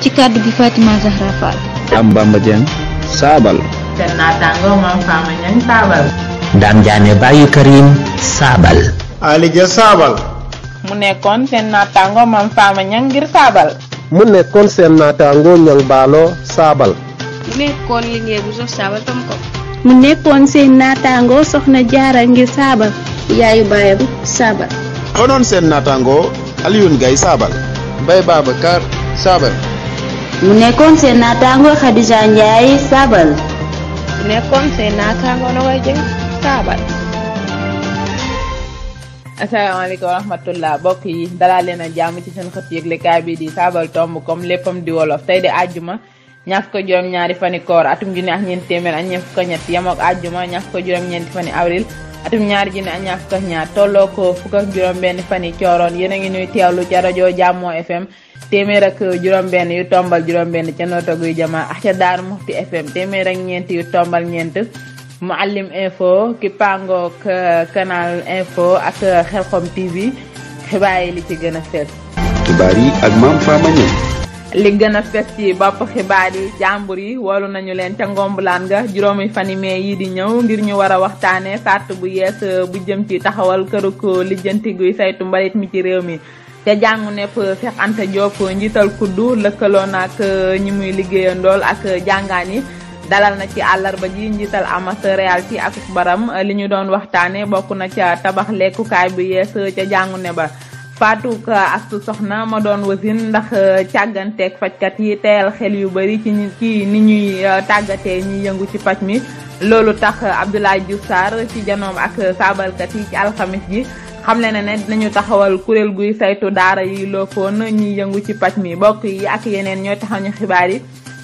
ci kàddu gi Fatima Zahra Fall. am Bamba Dieng saabal. seen naataango moom Fama saabal. Dame saabal. mu nekkoon seen naataango moom Fama Niang ngir saabal. mu nekkoon seen naataango Niang Baalo saabal. mu nekkoon liggéey bu sof saabal tam ko. mu nekkoon seen naataango soxna Jaara ngir saabal. yaayu baayam saabal. konoon seen naataango Alioune Gaye saabal. Mbaye Babacar saabal. mu nekkoon seen naataango Khadija Ndiaye Sabal. mu nekkoon seen naataango Nogaye Dieng Sabal. asalaamaaleykum wa rahmatullah mbokk yi dalaa leen a jàmm ci seen xët yëglekaay bi di Sabal tomb comme léppam di wolof tey di àjjuma ñaar fukk juróom-ñaari fani koor atum junni ak ñeent téeméer ak ñeent fukk ñett yem ak àjjuma ñaar fukk juróom-ñeenti fani avril. atum ñaari junni ak ñaar fukk ak ñaar tolloo ko fukk juróom-benn fan yi cooroon yéen a ngi nuy teewlu ca Jàmmoo FM téeméer ak juróom-benn yu tombal juróom-benn ca nootaguy jamaa ak ca Daaru Muxti FM téeméer ak ñeent yu tombal ñeent Mouhalim info ki pangook canal info ak xelxom TV xibaar yi li ci gën a fës. xibaar yi ak Mame li gën a fes ci bopp xibaar yi jàmbur yi wolu nañu leen ca ngombulaan ga juróomi fani mee yi di ñëw ngir ñu war a waxtaane sart bu yees euh, bu jëm ci taxawal këruk euh, lijjanti guy saytu mbalit mi ci réew mi ca jàngu nepp euh, Cheikh Anta Diop njiital kuddu lëkkaloo nak ñi muy liggéeya ndool ak jàngaan yi dalal na ci àllarba ji njiital amas realty ak baram li ñu doon waxtaane bokk na ca tabax lekkukaay bu yees ca jàngu ne ba Fatou Astou Soxna ma doon wasin ndax euh, càgganteeg fajkat yi teyal xel yu bari ci ci ni ñuy euh, tàggatee ñuy yëngu ci paj mi loolu tax Abdoulaye Diouf Sarr ci janoom ak saabalkat yi ci alxamis ji xam ne ne dinañu taxawal kuréel guy saytu daara yi loofoon ñuy yëngu ci paj mi bokk yi ak yeneen ñoo taxaw ñu xibaar yi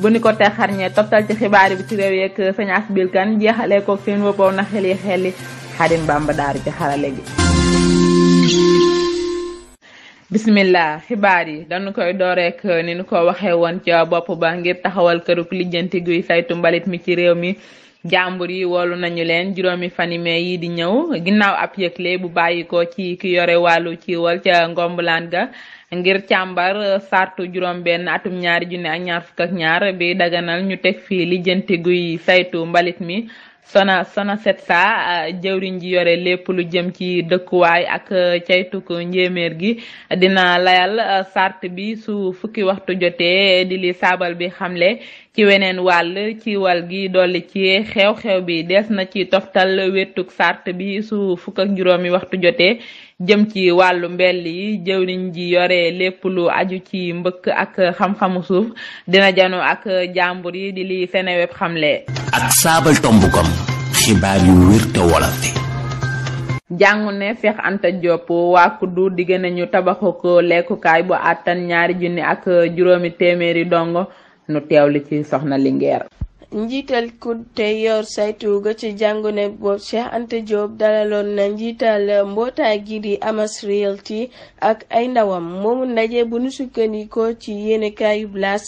bu ni ko te xarñee toptal ci xibaar yi bi ci réew yeeg sëñ Asbil Kan jeexalee ko seen woppaw na xel yi xel yi Xadim Bamba daaru ci xarale gi bismillah xibaar yi dañu koy dooreek uh, ni nu ko waxee woon ca bopp ba ngir taxawal këruk lijjanti guy saytu mbalit mi ci réew mi jàmbur yi woolu nañu leen juróomi fani mee yi di ñëw ginnaaw ab yëgle bu bàyyi ko ci ki yore wàllu ciiwal ca ngombalaan ga ngir càmbar uh, sartu juróom benn atum ñaari junne ak ñaar fukk ñaar bi daganal ñu teg fii lijjanti guy saytu mbalit mi sona sonacetsa euh, jëwriñ ji yore lépp lu jëm ci dëkkuwaay ak euh, caytuk njéeméer gi dina layal euh, sart bi su fukki waxtu jotee di li saabal bi xamlee ci weneen wàll ci wàll gi dolli ci xew-xew bi des na ci toftal wéttug sart bi su fukk juróomi waxtu jotee jëm ci wàllu mbel yi jëwriñ ji yore lépp lu aju ci mbëkk ak xam-xamu suuf dina jano ak jàmbur yi di li Seneweb xamle. ak saabal tombukom xibaar yu wér te jàngu ne Cheikh Anta Diop waa kuddu digg nañu tabaxu lekkukaay bu àttan ñaari junni ak juróomi téeméeri dongo nu teewlu ci soxna Linguère. njiital ku te yor saytu ga ci jàngune boobu Cheikh Anta dalaloon na njiital mbootaay gi di Amas Realty ak ay ndawam moomu ndaje bu nu sukkandikoo ci yéenekaayu Blas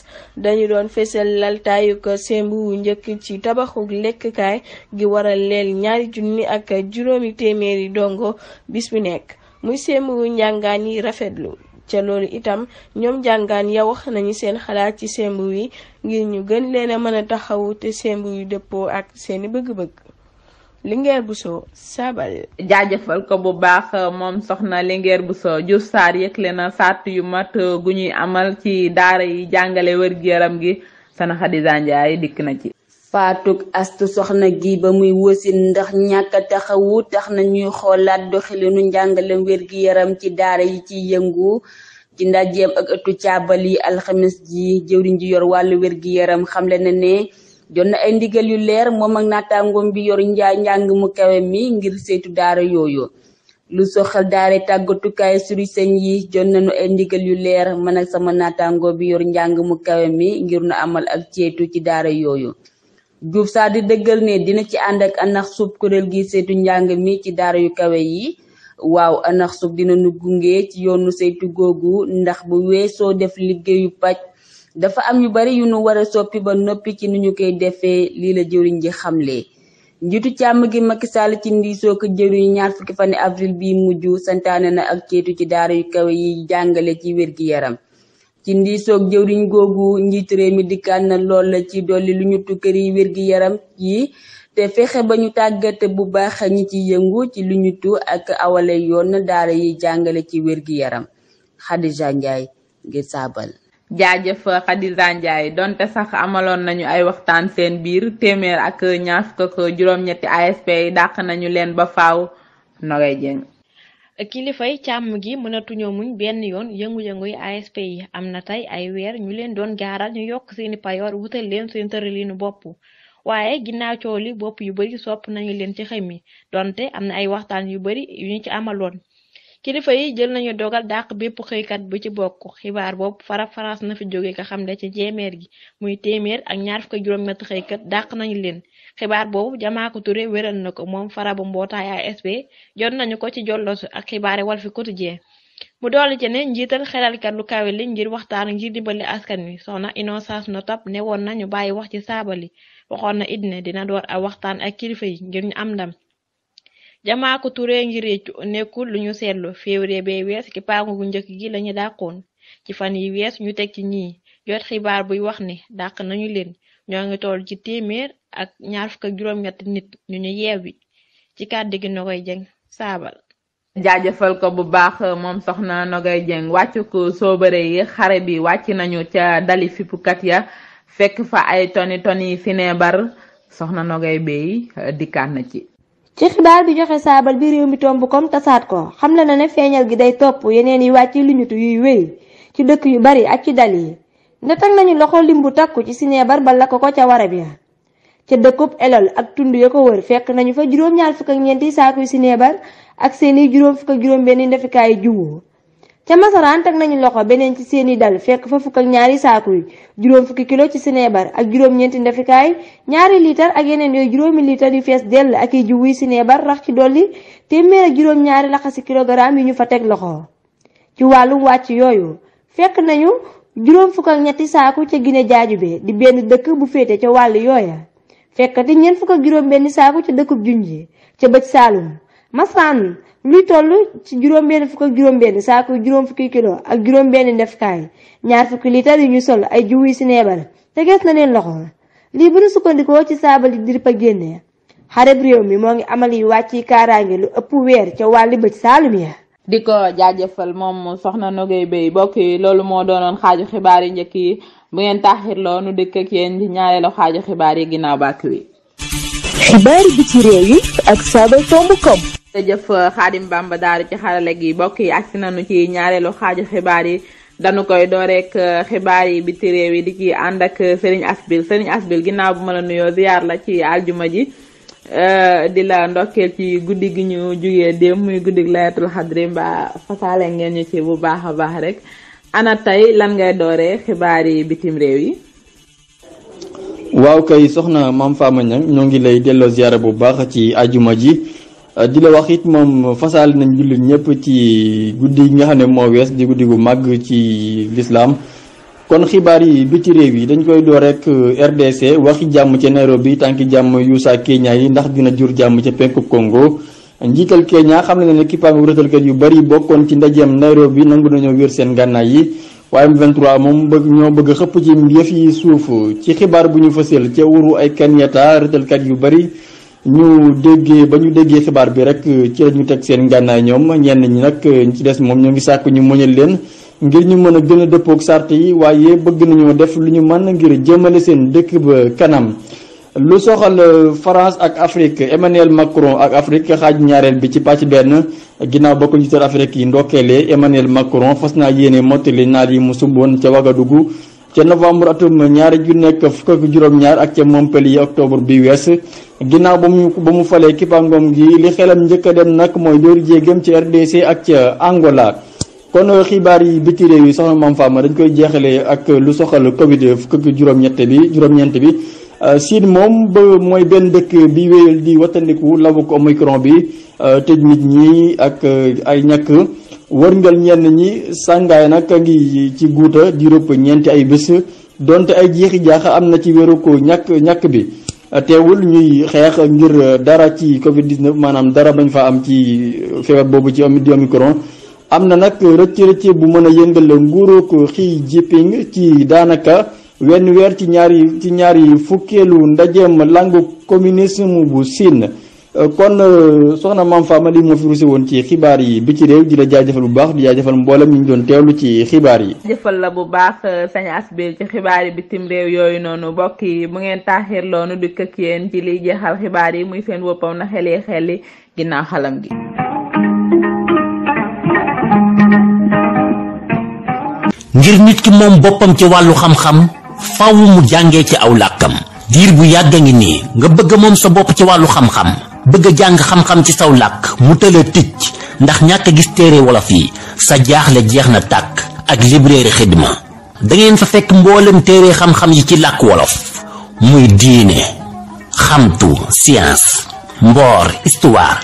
dañu doon fésal laltaayu ko sembu wu njëkk ci tabaxuk lekkukaay gi waral leel ñaari junni ak juróomi téeméeri dongo bis bu nekk muy sembu wu njàngaan yi rafetlu. ca loolu itam ñoom jàngaan ya wax nañu seen xalaat ci semb wi ngir ñu gën leen mën a taxawu te semb yu dëppoo ak seeni bëgg-bëgg Linguère Bousso Sabal. jaajëfal ko bu baax moom soxna bu Linguère Bousso Diouf Sarr yëgle na sart yu mat gu ñuy amal ci daara yi jàngale wër gu yaram gi sana Xadija Njaay dikk na ci. faatuk astu soxna gi ba muy wësin ndax ñàkk taxawu tax na ñuy xoolaat doxalinu njàngale wér gi yaram ci daara yi ci yëngu ci ndajeem ak ëttu caabal yi alxamis ji jëwriñ ji yor wàllu wér gi yaram xamle na ne jot na ay ndigal yu leer moom ak naataangoom bi yor njaa njàng mu kawe mi ngir saytu daara yooyu lu soxal daara tàggatukaay suri sëñ yi jot nañu ay ndigal yu leer man ak sama naataangoo bi yor njàng mu kawe mi ngir nu amal ak ceetu ci daara yooyu Diouf Sarr di dëggal ne dina ci ànd ak anax sub kuréel gi saytu njàng mi ci daara yu kawe yi waaw anax sub dina nu gunge ci yoonu saytu googu ndax bu weesoo def liggéeyu paj dafa am yu bari yu nu war a soppi ba noppi ci nu ñu koy defee lii la jëwriñ ji xamle njiitu càmm gi Macky Sall ci ndiisoo ko jëwriñu ñaar fukki fan avril bi mujj santaane na ak ceytu ci daara yu kawe yi jàngale ci wér-gi-yaram ci ndiisoog jëwriñ googu njiitu mi dikkaat na lool ci dolli lu ñu tukkër yi wér gi yaram yi te fexe ba ñu tàggate bu baax ñi ci yëngu ci lu ñu tu ak awale yoon daara yi jàngale ci wér gi yaram Khadija Ndiaye ngir saabal jaajëf Khadija Ndiaye donte sax amaloon nañu ay waxtaan seen biir téeméer ak ñaar fukk ak juróom-ñetti ASP yi dàq nañu leen ba faw Nogay kilifay càmm gi mënatuñoo muñ benn yoon yëngu-yëngu yi yi am na tey ay weer ñu leen doon gaaral ñu yokk seeni payoor wutal leen seen tëralinu bopp waaye ginnaaw coow li bopp yu bari sopp nañu leen ci xëy mi donte am na ay waxtaan yu bari yu ñu ci amaloon kilifa yi jël nañu dogal dàq bépp xëykat bu ci bokk xibaar boobu fara France na fi jóge ko xam ne ci jeemeer gi muy téeméer ak ñaar fukk juróom-ñett xëykat dàq nañu leen xibaar boobu Jamaako Touré wéral na ko moom fara mbootaaya mbootaay AFP jot nañu ko ci jollosu ak fi Walf Quotidien mu dolli ci ne njiital xelalkat lu kawe li ngir waxtaan ngir dimbali askan wi soxna Innocence Notap ne woon nañu bàyyi wax ci saabali waxoon na it dina door a waxtaan ak kilifa yi ngir ñu am ndam Diamaco Touré ngi réccu nekkul lu ñu seetlu février bay wees ki paangu gu njëkk gi lañu dàqoon ci fan yi wees ñu teg ci ñii jot xibaar buy wax ni dàq nañu leen ñoo ngi toll ci téeméer ak ñaar fukk ak juróom-ñett nit ñu ñu yeewi ci kàddu gi Nogoy Dieng saabal jaajëfal ko bu baax moom soxna Nogay Dieng wàccu ko soobare xare bi wàcc nañu ca dali fippukat ya fekk fa ay toni toni sineebar soxna Nogay Bey dikkaat na ci ci xibaar bi joxe saabal bi réew mi tomb kom tasaat ko xamle na ne feeñal gi day topp yeneen yi wàcc lu ñutu yuy wéy ci dëkk yu bari ak ci dal yi ne teg nañu loxo limbu takku ci sineebar ba lakk ko ca wara bi ca dëkkub elol ak tund ya ko wër fekk nañu fa juróom-ñaar fukk ak ñeenti saakuy sineebar ak seeni juróom fukk ak juróom benn ndefikaay juwu ca masaraan teg nañu loxo beneen ci seeni dal fekk fa fukk ak ñaari saaku juróom fukki kilo ci sineebar ak juróom-ñeenti ndefikaay ñaari liitar ak yeneen yooyu juróomi liitar yu fees dell ak i juwuy sineebar rax ci dolli téeméer ak juróom-ñaari laxasi kilogramme yi ñu fa teg loxo ci wàllu wàcc yooyu fekk nañu juróom fukk ak ñetti saaku ca Gine Jaajube di benn dëkk bu féete ca wàll yooya fekkati ñeent fukk ak juróom benn saaku ca dëkkub Junji ca bëj Saalum masaraan luy toll ci juróom benn fukk ak juróom benn saako juróom fukki kilo ak juróom benn defkaay ñaar fukki litar yu ñu sol ay juwuy si neebal teges na neen loxo lii bu nu sukkandikoo ci saabali dir a génne xareb réew mi moo ngi amal yi wàcc kaaraange lu ëpp weer ca wàll bëj saalum ya di ko jaajëfal moom soxna Nogay Bey bokk yi loolu moo doonoon xaaju xibaar yi njëkk yi bu ngeen taaxirloo nu dëkk ak yéen di ñaareelu xaaju xibaar yi ginnaaw bàkk wi xibaar bi ci jërëjëf Xaadim euh, Bamba daaru ci xarale gi bokk yi agsi nañu ci ñaareelu xaaju xibaar yi dañu koy dooreek euh, xibaar yi biti réew yi di ci ànd ak euh, Serigne Asbil Serigne Asbil ginnaaw bu ma la nuyoo ziyaar la ci aljuma ji di la ndokkeel ci guddi gi ñu jugee démb muy guddi layatul xadri mbaa fasaale ngeen ñu ci bu baax a baax rek ana tey lan ngay dooree xibaar yi bitim réew yi waaw kay soxna Mame Fama Niang ñoo ngi lay delloo ziyaara bu baax ci ajuma ji Euh, di la wax it moom fasaal nañ jullit ñëpp ci guddi nga xam ne moo wees di guddi gu màgg ci lislaam kon xibaar yi biti réew yi dañ koy doo rek euh, RDC waxi jàmm ca Nairobi tànki jàmm yuusa Kenya yi ndax dina jur jàmm ca penku Congo njiital Kenya xam ne ne kippaangu rëtalkat yu bari bokkoon ci ndajeem Nairobi nangu nañoo wér seen gànnaay yi waaye moom bëgg ñoo bëgg xëpp ci yëf yi suuf ci xibaar bu ñu fësal ca wuru ay Kenyatta rëtalkat yu bari ñu déggee ba ñu déggee xibaar bi rek euh, ci la ñu teg seen gànnaay ñoom ñenn ñi nag euh, ñu ci des moom ñoo ngi sàkk ñu muñal leen ngir ñu mën a gën a dëppook sart yi waaye bëgg nañoo def lu ñu mën ngir jëmmale seen dëkk ba kanam. lu soxal euh, France ak Afrique Emmanuel Macron ak Afrique xaaj ñaareel bi ci pàcc benn ginnaaw ba ko njiital Afrique yi ndokkeelee Emmanuel Macron fas naa yéene mottali naal yi mu sumboon ca dugg ca novembre atum ñaar junni ak fukk juróom-ñaar ak ca Montpellier octobre bi wees ginnaaw ba mu ba mu falee kipangoom gi li xelam njëkk a dem nag mooy dóoru jéegam ci RDC ak ca Angola kon xibaar yi biti réew yi soxna Mame Fama dañ koy jeexalee ak lu soxal Covid fukk juróom-ñett bi juróom-ñeent bi euh, Siin moom ba mooy benn dëkk bi wéyal di wattandiku lawu ko micron bi euh, tëj nit ñi ak euh, ay ñàkk wërngal ñenn ñi sàngaay nag a ngi ci guuta di rëpp ñeenti ay bés donte ay jeexi jaaxa am na ci wéru ko ñàkk ñàkk bi teewul ñuy xeex ngir dara ci Covid 19 maanaam dara bañ fa am ci feebar boobu ci di omicron am na nag rëcc rëcc bu mën a yëngal nguuruug Xi Jinping ci daanaka wenn weer ci ñaari ci ñaari fukkeelu ndajeem langu communisme bu Siin Euh, kon euh, soxna maam Famali moo fi rusé woon ci xibaar yi bi ci réew di la jaajëfal bu baax di jaajëfal mboolem ñu doon teewlu ci xibaar yi. jëfal la bu baax euh, sañ asbir ci xibaar yi bitim yooyu noonu mbokk yi bu ngeen taaxir loonu di këkk ci liy jeexal xibaar yi muy seen woppam na xel yi xel yi ginnaaw xalam gi. ngir nit ki moom boppam ci wàllu xam-xam faaw mu jàngee ci aw làkkam diir bu yàgg a ngi nii nga bëgg moom sa bopp ci wàllu xam-xam. bëgg jàng xam-xam ci saw làkk mu tëla ticc ndax ñàkk gis téere wolof yi sa jaaxle jeex na tàkk ak librairie xidma dangeen fa fekk mboolem téere xam-xam yi ci làkk wolof muy diine xamtu science mboor histoire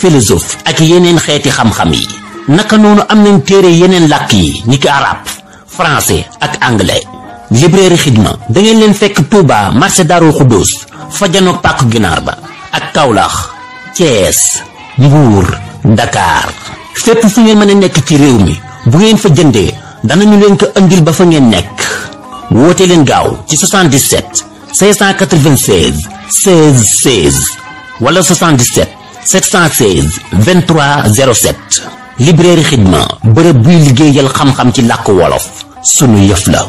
philosophe ak yeneen xeeti xam-xam yi naka noonu am nañ téere yeneen làkk yi niki arab français ak anglais librairie xidma dangeen leen fekk Touba marché Daarul Xuddoos fa pàkku ginaar ba ak Kaolack Thiès Mbour Dakar fépp fu ngeen mën a nekk ci réew mi bu ngeen fa dana ñu leen ko andil ba fa ngeen nekk woote leen gaaw ci 77 596 16 16 wala 77 716 23 07 librairie xidma bërëb buy liggéeyal xam-xam ci làkk wolof sunu yëf la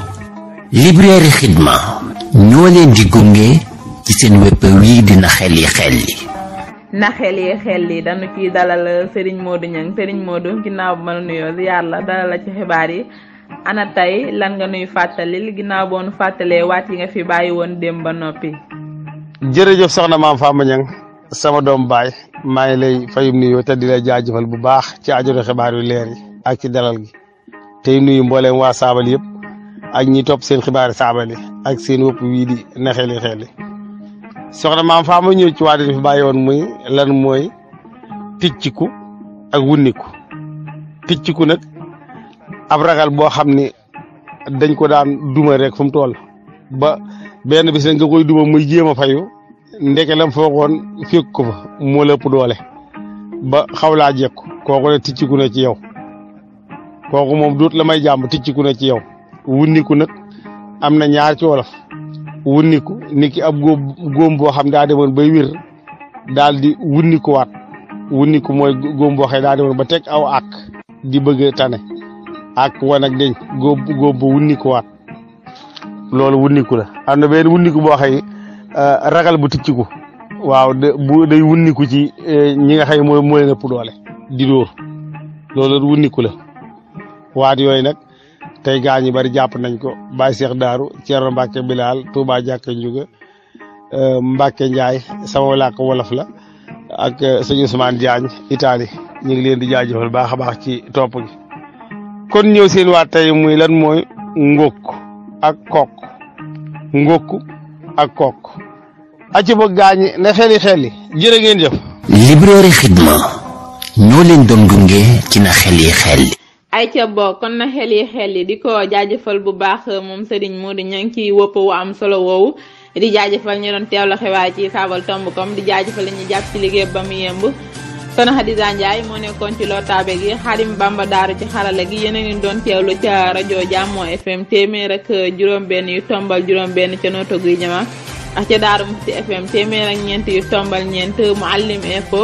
librairie xidma ñoo leen di gunge ci seen wépp wii dina xel yi xel yi na xel yi xel yi dañu ciy dalal Serigne Modou Niang Serigne Modou ginnaaw ba ma la nuyoo ziar la dalal ci xibaar yi ana tey lan nga nuy fàttalil ginnaaw boo nu fàttalee waat yi nga fi bàyyi woon démb ba noppi. jërëjëf soxna maam Fama Niang sama doom baay maa ngi lay fayum nuyoo te di la jaajëfal bu baax ci aajodo xibaar yu leer yi ak ci dalal gi tey nuyu mbooleem waa saabal yëpp ak ñi topp seen xibaari saabal ak seen wëpp soxna maam faa ma ñëw ci waate dafa bàyyi woon muy lan mooy ticciku ak wunniku ticciku nag ab ragal boo xam ni dañ ko daan duma rek fu mu toll ba benn bis nga koy duma muy jéem a fayu ndeke lam foogoon fekk ko fa moo la ëpp doole ba xaw laa jekku kooku ne ticciku na ci yow kooku moom duut la may jàmb ticciku na ci yow wunniku nag am na ñaar ci wolof wunniku niki ab góob góom boo xam daa demoon bay wir daal di wunnikuwaat wunniku mooy góom boo xam daa demoon ba teg aw ak di bëgg tane ak wan ak denc góob góob ba loolu wunniku la am na benn wunniku boo xam euh, ragal bu ticciku waaw de bu day wunniku ci euh, ñi nga xam mooy mooy ëpp doole di dóor loolu wunniku la waat yooyu nag tey gaa ñu bari jàpp nañ ko Baye Cheikh Daaru Thierno Mbacke Bilal Touba Jàkke Njuga euh, Mbacke njaay sama làkk wolof la ak euh, sëñ Ousmane Diagne Italie ñu ngi leen di jaajëfal baax a baax ci topp gi. kon ñëw seen waa tey muy lan mooy ngókk ak kook ngókk ak kook acci book gaañ ne xeli xeli jërë ngeen jëf. Librairie Xidma ñoo leen doon gunge ci na xeli xeli. ay ca bokk kon na xel yi di ko jaajëfal bu baax moom Serigne Modou Niang ci wopp wu am solo woowu di jaajëfal ñu doon teewlu xibaar ci Sabadotomb.com di jaajëfal ñu jàpp ci liggéey ba mu yemb Soxna Xadija Ndiaye moo nekkoon ci lotaabe gi Xarim Bamba Daaru ci xarala gi yéen a ngi doon teewlu ca rajo Jàmmoo FM téeméer ak juróom-benn yu tombal juróom-benn ca nooto guy ñama ak ca Daaru Muxti FM téeméer ak ñeent yu tombal ñeent mu allim info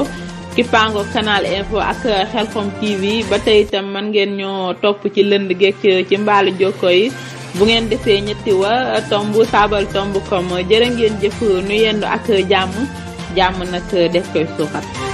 Kipango Canal Info ak Xelcom TV ba tey itam man ngeen ñoo topp ci lënd geek ci mbaalu jokko yi bu ngeen defee ñetti wa tomb saabal tomb kom jërë ngeen jëf nu yendu ak jàmm jàmm nag def koy suuxat